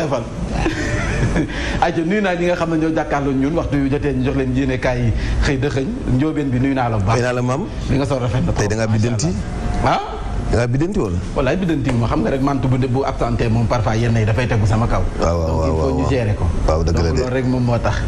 oyofal ajo nuyu naa ñi nga xam ne ñoo jàkkaarloo ñun waxtu yu jotee ñu jox leen yéene kaay yi xëy dëxëñ njóobeen bi nuy naa la bu baax. nuyu naa la maam. li nga sol rafet na tey da ngaa biddanti dangaa biddanti woon. walaay biddanti ma xam nga rek mant bu bu absenté moom a yenn yi dafay tegu sama kaw. waaw waaw waaw donc ko. waaw rek moom moo tax.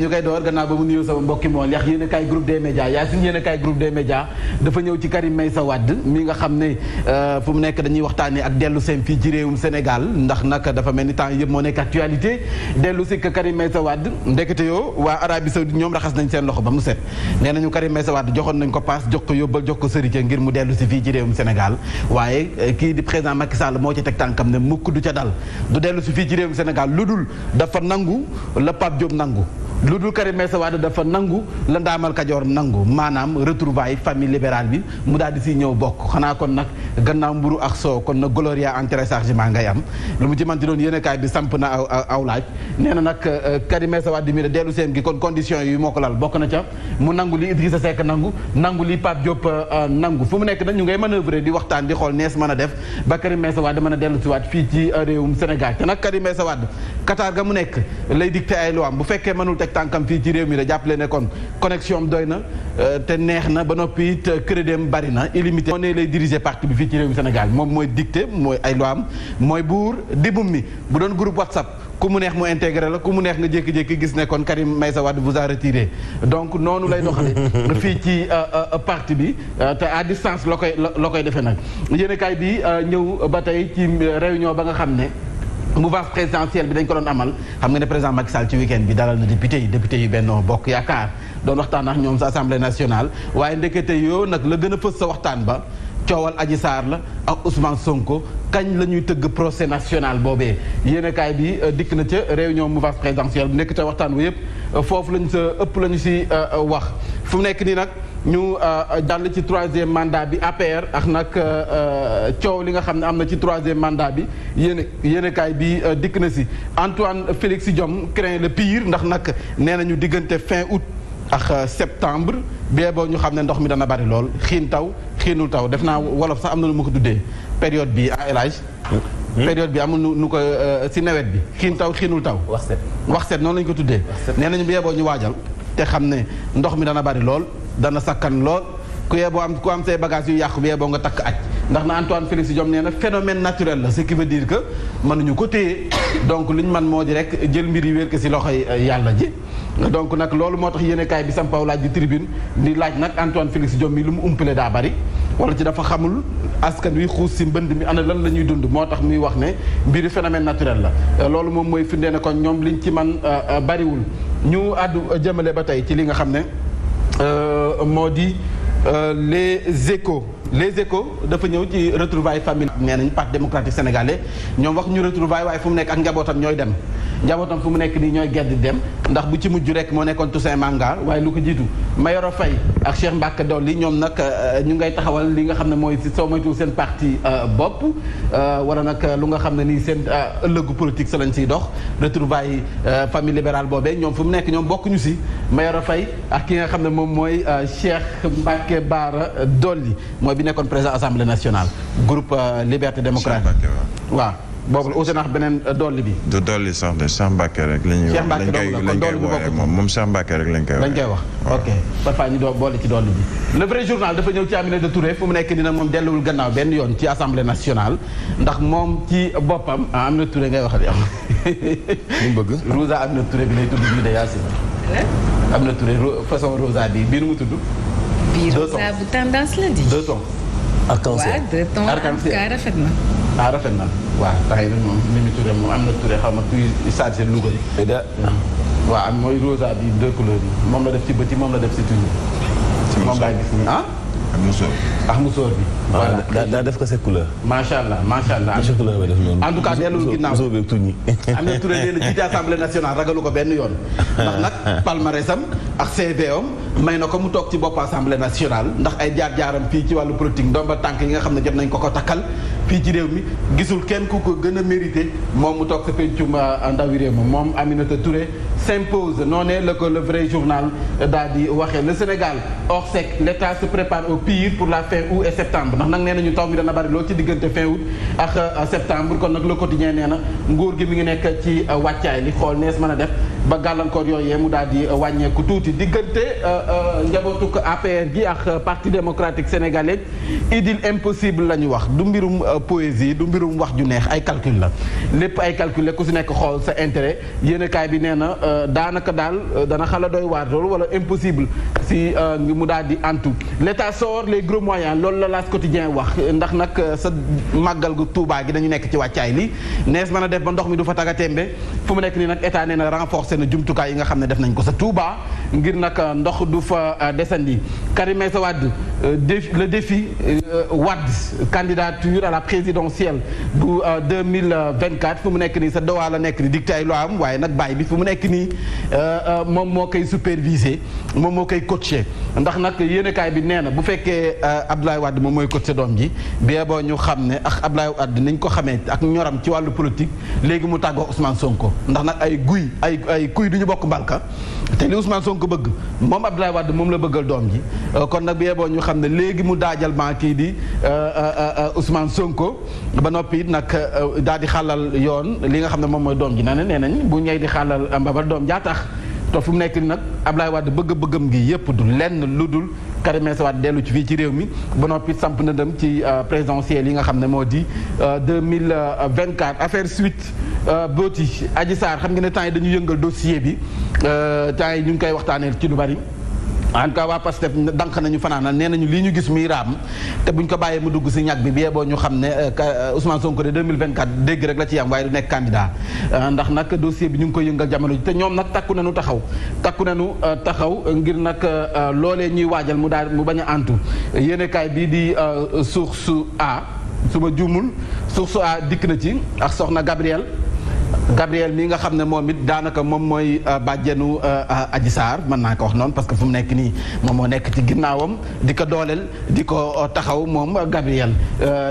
ñu koy door gannaaw ba mu nuyoo sama mbokki mool yax a kaay groupe des médias yaa suñu yéen a kaay groupe des médias dafa ñëw ci Karim Meïssa Wade mi nga xam ne euh, mu nekk dañuy waxtaanee ak dellu seen fii ci réewum Sénégal ndax nag dafa mel ni temps yëpp moo nekk actualité dellu si Karim Meïssa Wade ndekete yoo waa Arabie Saoudite ñoom raxas nañ seen loxo ba mu set nee nañu Karim Meïssa Wade joxoon nañ ko paas jox ko yóbbal jox ko sërite ngir mu dellu si fii ci réewum Sénégal waaye eh, kii di président Macky Sall moo ca teg tànkam ne mukk du ca dal du dellu si fii ci réewum Sénégal lu dul dafa nangu la Pape Diop nangu lu dul Karim Meïssa Wade dafa nangu la ndaamal Kajoor nangu maanaam retrouvaille famille libérale bi mu daal di si ñëw bokk xanaa kon nag gannaaw mburu ak soow kon na gloria en téléchargement ngay am lu mu ci manti doon yéen kaay bi samp na aw aw laaj nee na nag euh, euh, Karim Meïssa Wade mi de dellu seen gi kon condition yi moo laal bokk na ca mu nangu li Idrissa sekk nangu nangu li Pape Diop euh, nangu fu mu nekk nag ñu ngay manœuvrer di waxtaan di xool nees mën a def ba Karim Meïssa Wade mën a dellu si waat fii ci réewum Sénégal te nag Karim Meïssa Wade Qatar ga mu nekk lay dicté ay loi fekkee mënul teg tànkam fii ci réew mi da jàppale ne kon connexion am doy na euh, te neex na ba noppi it euh, crédit am bari na illimité. moo ne lay diriger parti bi fii ci réew mi Sénégal moom mooy dicté mooy ay loi am mooy buur di bum mi bu doon groupe WhatsApp ku mu neex mu intégré la ku mu neex nga jékki-jékki gis ne kon may Meïssa Wade vous a retiré donc noonu lay doxale fii ci euh, parti bi te à distance la koy la koy defee nag yéen kaay bi ñëw ba tey ci réunion ba nga xam ne. mouvance présidentielle bi dañ ko doon amal xam nga ne président Macky Sall ci week bi dalal na député yi député yu Benno Bokk Yaakaar doon waxtaan ak ñoom sa assemblée nationale waaye ndekete yoo nag la gën a fës sa waxtaan ba coowal aji saar la ak Ousmane Sonko kañ la ñuy tëgg procès national boobee yéenekaay bi euh, dikk na ca réunion mouvance présidentielle bu nekk ca waxtaan wu yëpp euh, foofu lañ sa ëpp lañu si euh, wax fu mu nekk nii nag. ñu jàll euh, ci troisième mandat bi APR ak nag euh, euh, coow li nga xam ne am na ci troisième mandat bi yéen yéenekaay bi dikk na si Antoine Félix Diome craint le pire ndax nag nee ñu diggante fin août ak septembre bee boo ñu xam ne ndox mi dana bari lool xiin taw xiinul taw def naa wolof sax am na lu mu ko tuddee période bi à ah, élage hmm? hmm? période bi amul nu nu ko si nawet bi xiin taw xiinul taw wax set noonu lañu ko tuddee nee nañu bee boo ñu waajal te xam ne ndox mi dana bari lool dana sakkan lool ku yee boo am ku am say bagage yu yàqu bu yee nga takk aj ndax na Antoine Félix Diome nee na phénomène naturel la ce qui veut dire que mënuñu ko téye donc li ñu man moo di rek jël mbir yi wér ko si loxoy euh, yàlla ji donc nag loolu moo tax yéenekaay bi sampaw laaj di tribune di laaj nag Antoine Félix Diome mi lu mu umpale daa bari wala ci dafa xamul askan wi xuus si mbënd mi ana lan la ñuy dund moo tax muy wax ne mbiru phénomène naturel la euh, loolu moom mooy firndee ne kon ñoom ñu ci man euh, bariwul ñu àddu jëmale ba tey ci li nga xam ne moo di euh, les échos les échos dafa ñëw ci retrouvailles famille nee nañ parti démocratique sénégalais ñoom wax ñu retrouvailles waaye fu mu nekk ak njabootam ñooy dem njabootam fu mu nekk nii ñooy gedd dem ndax bu ci mujj rek moo nekkoon Toussaint Manga waaye lu ko jiitu Mayoro fay ak Cheikh Mbacke Dolly ñoom nag euh, ñu ngay taxawal li nga xam ne mooy si soo moytuwul seen parti euh, bopp euh, wala nag lu nga xam ne nii seen ëllëgu politique sa lañ siy dox retrouvaille famille libérale boobee ñoom fu mu nekk ñoom bokkuñu si a fay ak ki nga xam ne moom mooy Cheikh Mbacke Bara Dolly mooy bi nekkoon président assemblée nationale groupe liberté démocrate waaw boobu la aussi beneen euh, dolli bi. du dolli sax de Cheikh Mbacke rek. la ñuy wax lañ koy moom moom Cheikh Mbacke rek lañ koy. lañ koy wax ok parfois ñu doon boole ci dolli bi. le vrai journal dafa ñëw ci Aminata Touré fu mu nekk nii moom delluwul gannaaw benn yoon ci assemblée nationale ndax moom ci boppam ah, am na Touré ngay waxal a li mu bëgg. Rosa Aminata Touré bi lay tudd bii de Yacine. Eh? Aminata Touré façon Rosa bi bii nu mu tudd. bii Rosa bu tendance la di. deux tons. arc en rafet na. ah rafet na waaw temps yii nag moom am na Touré xaw ma kuy chargé Louga bi. waaw am mooy bi moom la def ci bët yi moom la def ci tuñu. moom laa gis nii ah. ak musóor bi bi. Ah, voilà daa def ko sa couleur. macha macha allah. macha couleur ba def na Touré nee na jiite assemblée nationale ragalu ko benn yoon. ndax nag palmarèsam ak CV am may na ko mu toog ci bopp assemblée nationale ndax ay jaar-jaaram fii ci wàllu politique ndomba tànk yi nga xam ne jot nañ ko ko takkal fii ci réew mi gisul kenn ku ko gën a mérité moom mu toog sa pencum euh, ndawi réew ma moom Aminata Touré s'impose noonee la ko le vrai journal daal di waxee le Sénégal hors sec l' se prépare au pire pour la fin août et septembre ndax nag nee ñu taw bi dana bari lool ci diggante fin août ak euh, septembre kon nag le quotidien nee na nguur gi mi ngi nekk ci euh, wàccaay li xool nees mën a def ba gàllankoor yooyee mu daal di euh, wàññeeku tuuti diggante euh, euh, njabootuk APR gi ak parti démocratique sénégalais idylle impossible la ñu wax du mbirum poésie du mbirum wax ju neex ay calcul la lépp ay calcul la ku si nekk xool sa intérêt yéenekaay bi nee na daanaka daal dana xala doy waar loolu wala impossible si mu daal di antu l'état sort les gros moyens loolu la laas quotidien wax ndax nag sa màggal gu Tuubaa gi dañu nekk ci wàccaay li nees ma a def ba ndox mi du fa taga tembe fu nekk nii nag état nee na renforcer seen jumtukaay yi nga xam ne def nañ ko sa Touba ngir nag euh, ndox du fa euh, desandi Karim Meïssa Wade euh, le défi Wade candidature à la présidentielle bu 2024 fu mu nekk nii sa dowaa la nekk ni dicté ay loi am waaye nag baay bi fu mu nekk nii moom moo koy supervisé moom moo koy coacher ndax nag yéenekaay bi nee na bu fekkee Abdoulaye wadd moom mooy coacher doom ji bee boo ñu xam ne ak Abdoulaye Wade niñ ko xamee ak ñoram ci wàllu politique léegi mu tàggoo Ousmane ko ndax nag ay guy ay ay kuy du ñu bokk mbalka ko bëgg moom ab Abdoulaye wadd moom la bëggal doom ji euh, kon nag bu yeboo ñu xam ne léegi mu daajal maa kii di euh, euh, Ousmane Sonko ba noppi it nag daal di xàllal yoon li nga xam ne moom mooy doom ji na ne nee nañ bu ñey di xàllal mbabal doom jaa tax te fu mu nekk nii nag Abdoulaye wadd bëgg-bëggam gi yëpp du lenn lu dul Karim Meïssa Wade dellu ci fii ci réew mi ba noppi samp na dem ci présidentielle yi nga xam ne moo di 2024 affaire suite booti Adji Sarr xam nga ne temps yi dañu yëngal dossier bi Euh, temps yi ñu ngi koy waxtaanee ci lu bari en tout cas waa Pastef dànq nañu fanaana nee nañu lii ñu gis muy raam te buñ ko bàyyee mu dugg si ñag bi bi boo ñu xam ne euh, euh, Ousmane Sonko de 2024 dégg rek la ci yam waaye du nekk candidat ndax nag dossier bi ñu ngi koy yëngal jamono ji te ñoom nag takku nañu taxaw takku nañu taxaw ngir nag loole ñuy waajal mu daal mu bañ a antu yéenekaay bii di source a su ma juumul su a dikk na ci ak soxna Gabriel Gabriel mi nga xam ne moom it daanaka moom mooy euh, bàjjenu euh, euh, Adji Sarr mën naa ko wax noon parce que fu mu nekk nii moom moo nekk ci ginnaawam di ko dooleel di ko taxaw moom Gabriel.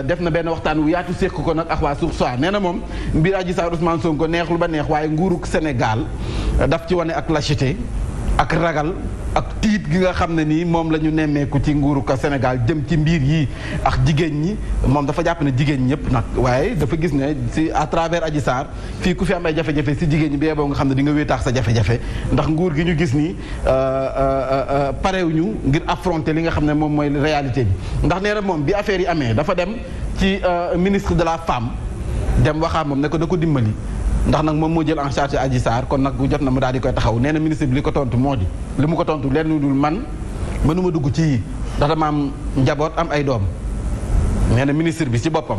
def na benn waxtaan wu yaatu séq ko nag ak waa suuf soit nee na moom mbir Adji Sarr Ousmane Sonko neexul ba neex waaye nguurug Sénégal daf ci wane ak lâcheté ak ragal ak tiit gi nga xam ne nii moom la ñu nemmeeku ci nguuru ka Sénégal jëm ci mbiir yi ak jigéen ñi moom dafa jàpp ne jigéen ñëpp nag waaye dafa gis ne si à travers Adji Sarr fii ku fi amee ay jafe-jafe si jigéen ñi bee boo nga xam ne di nga wéetaax sa jafe-jafe ndax nguur gi ñu gis nii euh, euh, euh, parewuñu ngir affronter li nga xam ne moom mooy réalité bi ndax nee na moom bi affaire yi amee dafa dem ci ministre de la femme dem waxaa moom ne ko da ko dimbali ndax nag moom moo jël en charge Adji kon nag jot na mu daal di koy taxaw nee na ministre bi li ko tontu moo di li mu ko tontu lenn dul man mënuma dugg ci yi ndax am njaboot am ay doom nee na ministre bi ci boppam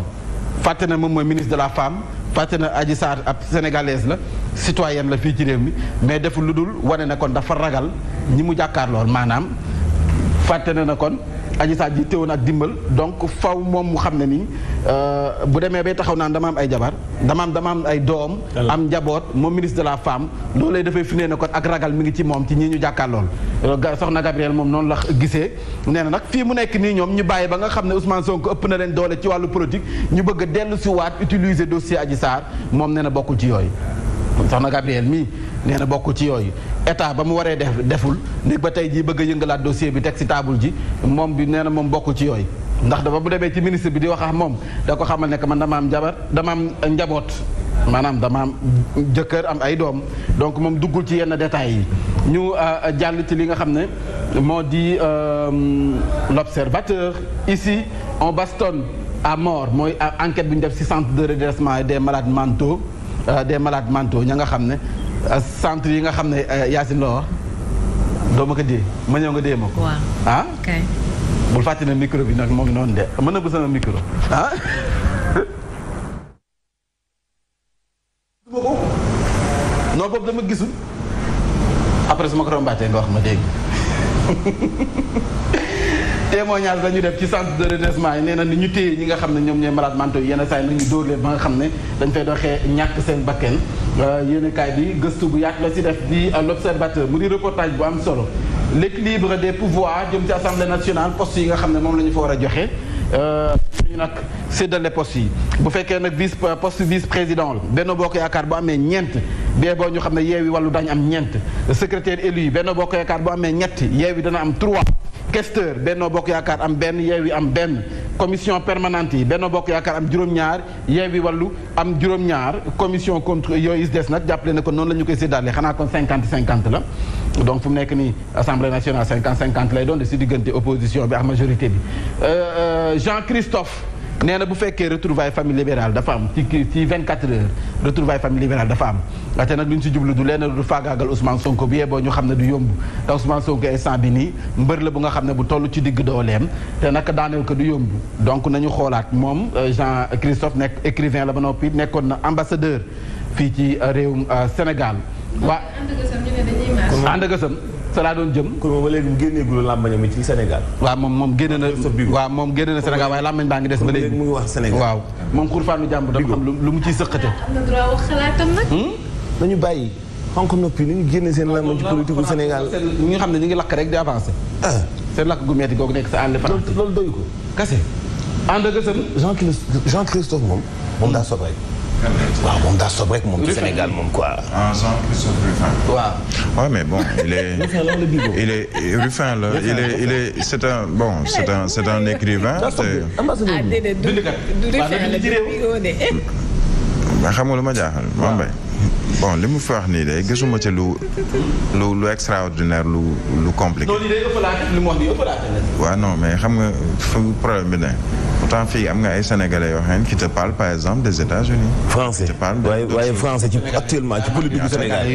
fàtte na moom mooy ministre de la femme fàtte na Adji Sarr ab sénégalaise la citoyenne la fii ci réew mi mais deful lu dul wane na kon dafa ragal ñi mu jàkkaar maanaam fàtte na na kon Adji Sarr ji téewoon ak dimbal donc faw moom mu xam ne ni euh, bu demee ba taxaw naan dama ay jabar dama am ay doom am njaboot moom ministre de la femme loolu lay dafay fi nee ne kon ak ragal mi ngi ci moom ci ñi ñu jàkkaarlool euh, soxna Gabriel moom noonu la gisee nee na nag fii mu nekk nii ñoom ñu bàyyi ba nga xam ne Ousmane Sonko ëpp na leen doole ci wàllu politique ñu bëgg a dellu si waat utiliser dossier Adji Sarr moom nee na bokkul ci yooy soxna Gabriel mii nee na bokk ci yooyu état ba mu waree def deful nekk ba tey jii bëgg a yëngalaat dossier bi teg ci taabul ji moom bi nee na moom bokk ci yooyu ndax dafa bu demee ci ministre bi di wax moom da ko xamal ne que man dama am jabar dama am njaboot maanaam dama jëkkër am ay doom donc moom duggul ci yenn détails yi ñu euh, jàll ci li nga xam ne moo di euh, l'observateur ici on bastonne à mort mooy euh, enquête bi ñu def ci centre de redressement des malades mentaux Euh, des malades mentaux ña nga xam ne euh, centre yi nga xam ne euh, Yacine la wax doo ko dee ma ñëw nga dee ma ko. Ah? bul fàtte moo ngi noonu de mën na bu sama micro ah. non boobu dama gisul après su ma ko rombaatee nga wax ma dégg. témoignage la ñu def ci centre de redressement yi nee na ni ñu téye ñi nga xam ne ñoom ñooy malades mentaux yi yenn saa yi nañu dóor leen ba nga xam ne dañ fay doxee ñàkk seen bakken euh, yéenekaay bi gëstu bu yaatu la ci def di euh, l'observateur mu di reportage bu am solo l'équilibre des pouvoirs jëm ci assemblée nationale poste yi nga xam ne moom la ñu fa war a joxe euh, ñu nag séddale poste yi bu fekkee nag vice poste vice président la Benno Bokk Yaakaar bu amee ñeent bee boo ñu xam ne Yewwi Wallu dañ am ñeent secrétaire élu Benno Bokk Yaakaar bu amee ñett Yewwi dana am trois questeur Benno Bokk Yaakaar am benn Yewwi am benn commission permanente yi Benno Bokk Yaakaar am juróom-ñaar Yewwi Wallu am juróom-ñaar commission contre yooyu des nag jàppale na ko noonu la ñu koy séddaale xanaa kon cinquante cinquante la donc fu mu nekk nii assemblée nationale cinquante lay doon de si diggante opposition bi ak majorité bi euh, euh, Jean Christophe nee na bu fekkee retrouvaille famille libérale dafa am ci ci 24 heures retrouvaille famille libérale dafa am te nag lu ñu si jublu du lenn du faagaagal Ousmane Sonko bi yeboo ñu xam ne du yomb te Ousmane Sonko instant bi nii mbër la bu nga xam ne bu toll ci digg dooleem te nag daaneel ko du yomb donc nañu xoolaat moom euh, Jean Christophe nekk écrivain la ba noppi nekkoon na ambassadeur fii ci euh, réew euh, Sénégal waa ànd sa laa doon jëm. kon moom ba léegi mu génneegul làmbañam ci Sénégal. waaw moom moom génne na moom génne na Sénégal waaye làmbañ baa ngi des ba léegi. mu ngi wax Sénégal waaw. moom xurfaanu jàmb dama xam lu mu ciy sëqate. Hmm? nañu bàyyi xonk noppi ni ñu génne seen làmbañ ci politique gu Sénégal. ñi nga xam ne ñu ngi lakk rek di avancé. Ah. seen lakk gu metti googu nekk sa ànd. loolu loolu doy ko. kase ànd ak gësëm. Jean Christophe moom moom daa sot rek waaw moom daa soob rek moom ci Sénégal moom quoi. ah sans plus sauf Ruffin. waaw. waaw mais bon il est. il est Ruffin la il est il est c' est un bon c' est un c' est un écrivain. ah déedéet du Ruffin la xam nga lu ma jaaxal. waaw bon li mu fi wax nii de gisuma ci lu lu lu extraordinaire lu lu compliqué. loolu day mais xam nga fu problème bi ne pourtant fii am nga ay sénégalais yoo xam ne te parle par exemple des États-Unis français waaye waaye français ci actuellement ci politique du Sénégal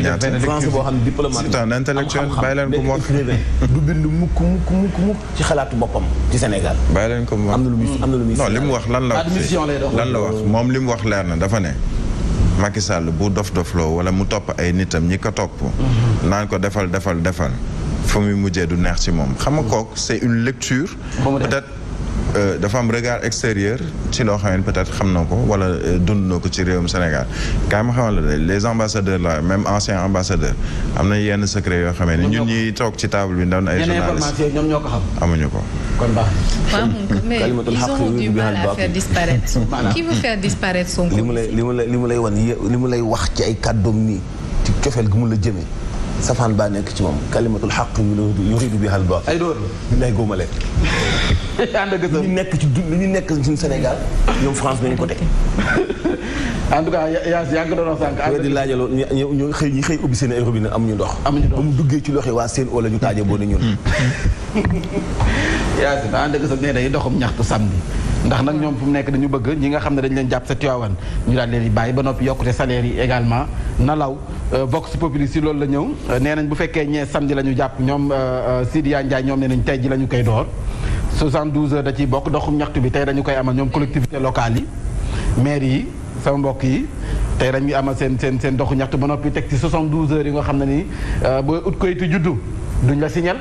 boo xam ne diplomate c'est un intellectuel bàyyi leen ko mu wax du bind mukk mukk mukk ci xalaatu boppam ci Sénégal bàyyi leen ko mu wax am na li mu wax lan la wax lan la wax moom li mu wax leer na dafa ne Macky Sall bu dof-dofloo wala mu topp ay nitam ñi ko topp. naan ko defal defal defal. fa muy mujjee du neex ci moom xam nga kooku c'est une lecture peut-être Euh, dafa am regard extérieur ci loo xam ne peut-être xam na ko wala euh, dund na ko ci réewum Sénégal kaay ma xamal la les ambassadeurs là même anciens ambassadeurs am na yenn secret yoo xam ne ñun ñuy toog ci table bi ndaw na ay journalistes ñoom ñoo ko xam amuñu ko. kon baax mais ils auront du mal à faire disparaître. qui veut faire disparaître son li mu lay li mu lay li mu lay wan li mu lay wax ci ay kàddoom nii ci cofeel gi mu la jëmee. safaan baa nekk ci moom kalimatul xaq yu yuridu biha al baatil ay door lay góomale ànd ak ñu nekk ci du ñu nekk ci Sénégal ñoom France nañu ko de en tout cas yaa yaa ngi ko doon wax sànq. ànd di laajaloon ñu ñu xëy ñu xëy ubbi seen ay robinet amuñu ndox. amuñu ndox ba mu duggee ci loxo waa seen wala ñu taaje boo ne ñun. yaa si ànd ak sa nee day doxam ñaxtu samedi. ndax nag ñoom fu mu nekk dañu bëgg ñi nga xam ne dañ leen jàpp sa Tiwaawan ñu daal leen di bàyyi ba noppi yokkute salaire yi également na law euh, Vox Populi si loolu la ñëw euh, nee nañ bu fekkee ñee samedi la ñu jàpp ñoom euh, Sidiya Ndiaye ñoom nee nañ tey ji lañu ñu koy door 72 heures da ciy bokk doxum ñaxtu bi tey dañu koy amal ñoom collectivité locale yi maire yi sama mbokk yi tey dañuy amal seen seen seen doxu ñaxtu ba noppi teg ci 72 heures yi nga xam ne ni euh, booy ut koyitu juddu duñ la signal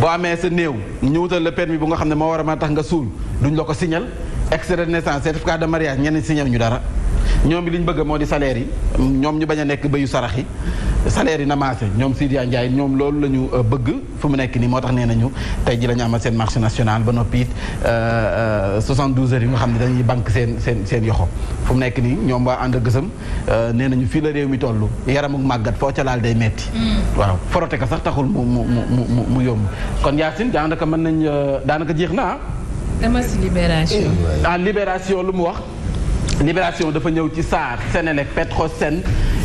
boo amee sa néew ñu wutal la permis bu nga xam ne moo war a tax nga suul duñ la ko signal extrait de naissance certificat de mariage ñenn signal ñu dara. ñoom bi li ñu bëgg moo di salaire yi ñoom ñu bañ a nekk béyu sarax yi salaire yi na maase ñoom Sidia Ndiaye ñoom loolu la ñu euh, bëgg fu mu nekk nii moo tax nee nañu tey ji lañu amal seen marché national ba noppi it 72 euh, euh, heures yi nga xam ne dañuy bank seen seen seen yoxo fu mu nekk nii ñoom waa ànd a gësëm nee nañu fii la réew mi toll yaramu màggat foo ca laal day metti mm. waaw forote ka sax taxul mu mu mu mu mu yomb kon Yacine daanaka mën nañ daanaka jeex na ah. dama ah, libération lu mu wax. Libération dafa ñëw ci SAR Senelec Petrosen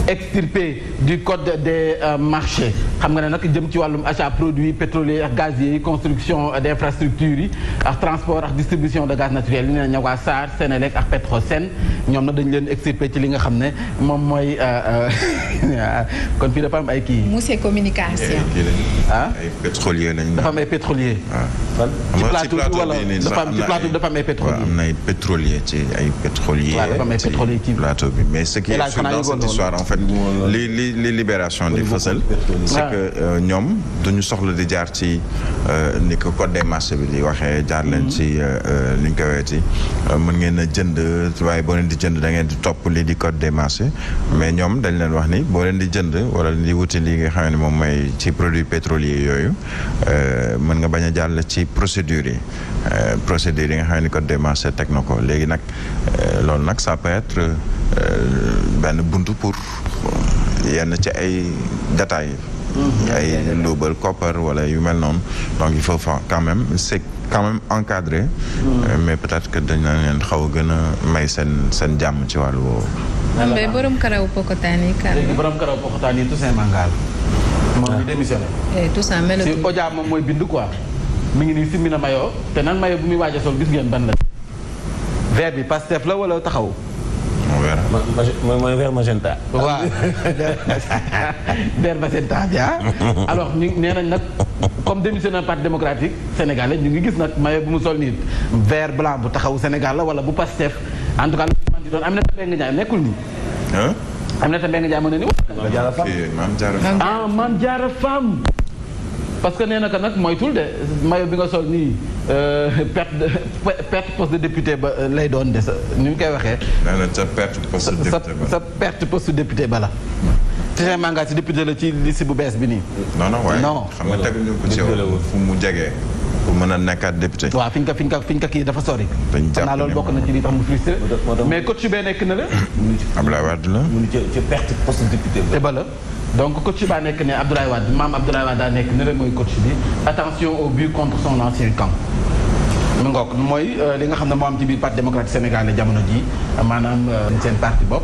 extirpé du code des euh, marchés xam nga ne nag jëm ci wàllum achat produits pétroliers ak gaziers yi construction d' infrastructures yi ak transport ak distribution de gaz naturel yi nee na waa SAR Sénélec ak Petrosen ñoom nag dañu leen extirpé ci li nga xam ne moom mooy euh, euh, ah, kon fii dafa am ay kii. monsieur communication. ah ay pétrolier dafa am ay pétrolier. Ah. ci plateau bi dafa am ay pétrolier. na ay pétrolier ci ay pétrolier. waaw dafa am ay plateau bi mais ce qui est sur dans cette histoire fait li li li libération di fësal c'est que euh, ñoom duñu soxla di jaar ci euh, ni ko code des marché bi di waxee jaar leen mhm. ci euh, li ñu ko wee ci mën ngeen a jënd waaye boo leen di jënd da ngeen di topp lii di code des marchés mais ñoom dañ leen wax ni boo leen di jënd wala di wuti lii nga xam ne moom mooy ci produits pétroliers yooyu mën nga bañ a jàll ci procédures yi procédures yi nga xam ni code des marchés teg na ko léegi nag loolu nag ça peut être Euh, benn buntu pour yenn ci ay détails mhm. ay ndóobal koppar wala yu mel noonu donc il faut quand même c'est quand même encadré mhm. euh, mais peut-être que dañ na leen xaw a gën a may seen seen jàmm ci wàllu woowu mais borom karaw pokotaan yi borom karaw pokotaan yi Toussaint Mangal moom ñu ah. démissionné eh, Toussaint mel si Odia moom mooy bind quoi mu ngi nii simmi na mayoo te nan mayoo bu muy waaj a sol gis ngeen ban la vert bi Pastef la wala taxaw alors ñu nee nag comme démissionnaire parti ñu ngi gis nag maye bu mu sol nit vert blanc bu taxaw Sénégal wala bu Pastef en man di doon nekkul nii. Aminata Mbengue ah, parce que nee na ko nag moytul de mayo bi nga sol nii. Euh, perte de perte poste de député ba euh, lay doon de sa ni ñu koy waxee. sa perte poste de député ba sa perte poste de député ba la. Ticmbay Manga si député la ci liste bu bees bi nii. non non waaye xam nga teguñu ko ci fu mu jegee mën a nekka député. waaw fi ñu ko fi ñu ko fi ñu ko kii dafa sori. dañ jàpp ne bokk na ci li tax mu frustré. mais coach bee nekk na la. Abdoulaye la. mu ngi donc coach baa nekk ne Abdoulaye Wade maam Abdoulaye Wade daa nekk ne mooy coach bi attention au but contre son ancien camp. mu ngoog mooy euh, li nga xam ne moo am ci biir parti démocratique sénégalais jamono ji maanaam euh, seen parti bopp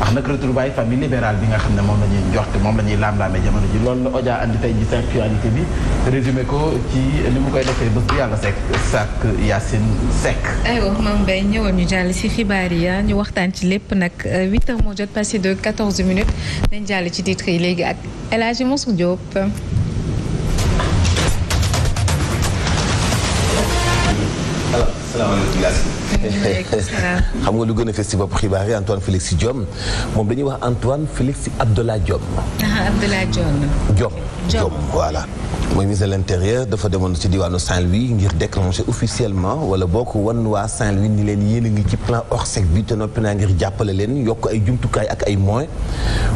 ndax nag retrouvaille famille libérale bi nga xam ne moom la ñuy jox moom la ñuy laam-laame jamono ji loolu la Odia andi tey ji actualité bi résumé ko ci li mu koy defee ba bu yàlla sekk sàkk Yacine Seck. aywa Mame Mbaye ñëwoon ñu jàll si xibaar yi ah, ñu waxtaan ci lépp nag 8 euh, heures moo jot passé de 14 minutes nañ jàll ci titre yi léegi ak xam nga lu gën a fës ci xibaar yi Antoine Félix Diome moom dañuy wax Antoine Félix Abdoulaye Diome. ah Abdoulaye Diome. Diome Diome voilà. mooy ministre de l'intérieur dafa demoon ci diwaanu Saint-Louis ngir déclencher officiellement wala bokk wan waa Saint-Louis ni leen yéen a ngi ci plan ORSEC bi te noppi naa ngir jàppale leen yokk ay jumtukaay ak ay moyens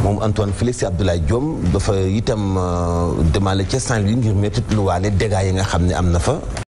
moom Antoine Félix Abdoulaye Diome dafa itam euh, demale ca Saint-Louis ngir métti lu waale yi nga xam ne am na fa.